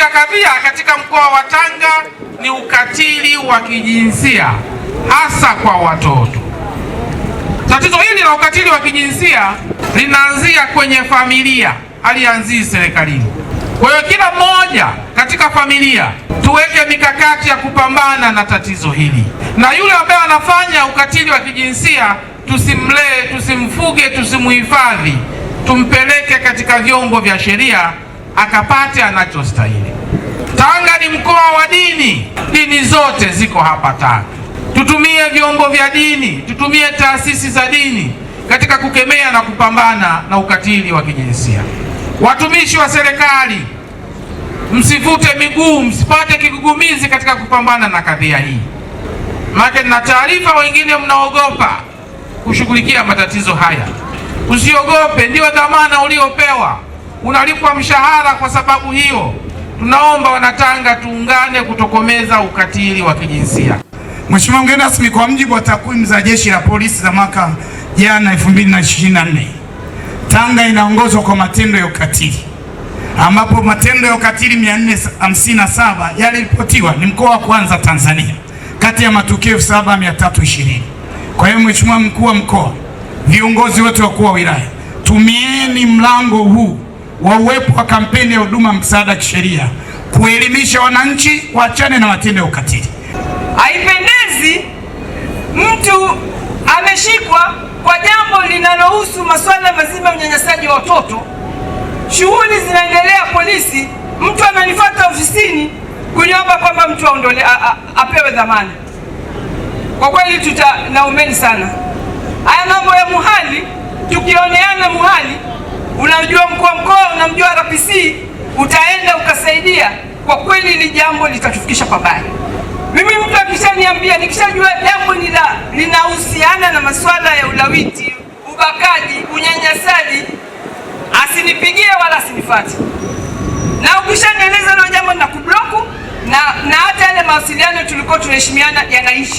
ya kadhia katika mkoa wa Tanga ni ukatili wa kijinsia hasa kwa watoto. Tatizo hili la ukatili wa kijinsia linaanzia kwenye familia, halianzii serikalini. Kwa hiyo kila mmoja katika familia tuweke mikakati ya kupambana na tatizo hili, na yule ambaye anafanya ukatili wa kijinsia tusimlee, tusimfuge, tusimuhifadhi, tumpeleke katika vyombo vya sheria akapate anachostahili. Tanga ni mkoa wa dini, dini zote ziko hapa Tanga. Tutumie vyombo vya dini, tutumie taasisi za dini katika kukemea na kupambana na ukatili wa kijinsia. Watumishi wa serikali, msivute miguu, msipate kigugumizi katika kupambana na kadhia hii, maana na taarifa wengine mnaogopa kushughulikia matatizo haya. Usiogope, ndio dhamana uliopewa unalipwa mshahara kwa sababu hiyo. Tunaomba Wanatanga tuungane kutokomeza ukatili wa kijinsia. Mheshimiwa mgeni rasmi, kwa mjibu wa takwimu za jeshi la polisi za mwaka jana 2024, Tanga inaongozwa kwa matendo ya ukatili ambapo matendo ya ukatili 457 yaliripotiwa. Ni mkoa wa kwanza Tanzania kati ya matukio 7320. Kwa hiyo Mheshimiwa mkuu wa mkoa, viongozi wote wakuu wa wilaya, tumieni mlango huu wa uwepo wa kampeni ya huduma msaada kisheria kuelimisha wananchi waachane na matendo ya ukatili. Haipendezi mtu ameshikwa kwa jambo linalohusu masuala mazima mnyanyasaji wa watoto, shughuli zinaendelea polisi, mtu ananifuata ofisini kuniomba kwamba mtu aondole apewe dhamana. Kwa kweli tutanaumeni sana haya mambo ya muhali, tukioneana muhali unajua mkuu wa mkoa, unamjua RPC, utaenda ukasaidia, kwa kweli ni jambo litatufikisha pabaya. Mimi mtu akishaniambia, nikishajua jambo linahusiana na masuala ya ulawiti, ubakaji, unyanyasaji, asinipigie wala asinifate, na ukishanieleza hilo jambo na kubloku na hata yale mawasiliano tulikuwa tunaheshimiana yanaisha.